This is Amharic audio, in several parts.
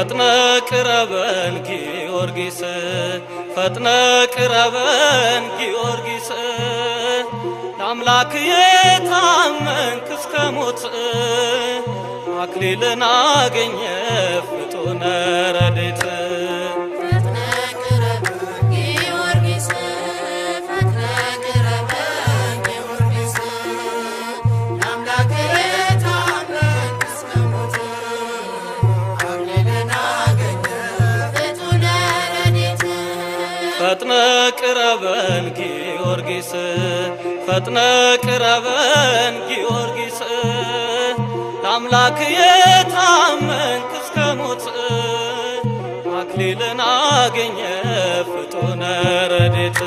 ፈጥነ ቅረበን ጊዮርጊስ ፈጥነ ቅረበን ጊዮርጊስ ለአምላክ የታመንክ እስከ ሞት አክሊልን አገኘ ፍጡነ ረድኤት ፈጥነ ቅረበን ጊዮርጊስ ፈጥነ ቅረበን ጊዮርጊስ ለአምላክ የታመንክ እስከ ሞት አክሊልን አገኘ ፍጡነ ረድኤት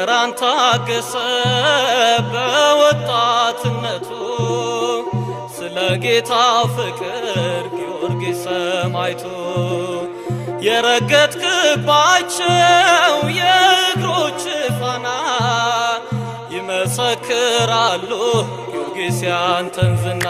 መከራን ታገሰ በወጣትነቱ ስለ ጌታ ፍቅር ጊዮርጊስ ሰማዕቱ የረገጥክባቸው የእግሮች ፋና ይመሰክራሉ ጊዮርጊስ ያንተን ዝና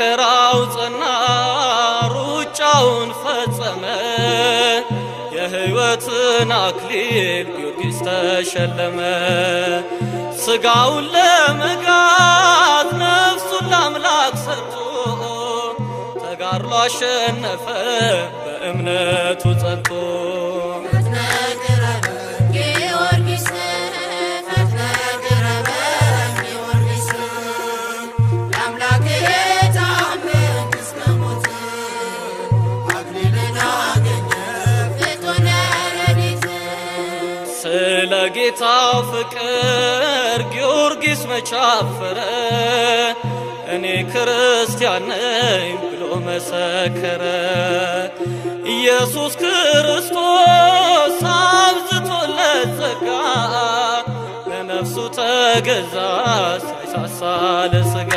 መከራው ጸና ሩጫውን ፈጸመ የሕይወትን አክሊል ጊዮርጊስ ተሸለመ። ሥጋውን ለመጋት ነፍሱን ለአምላክ ሰጡ፣ ተጋድሎ አሸነፈ በእምነቱ ጸንቶ በጌታው ፍቅር ጊዮርጊስ መቻፈረ እኔ ክርስቲያን ነኝ ብሎ መሰከረ። ኢየሱስ ክርስቶስ አብዝቶለት ጸጋ ለነፍሱ ተገዛ ሳይሳሳ ለስጋ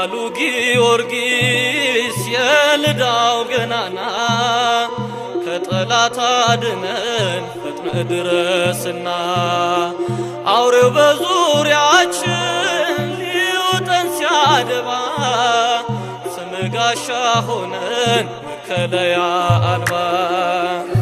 ኃያሉ ጊዮርጊስ የልዳው ገናና ከጠላት አድነን ፍጥነ ድረስና አውሬው በዙሪያችን ሊውጠን ሲያደባ ስምጋሻ ሆነን መከለያ አልባ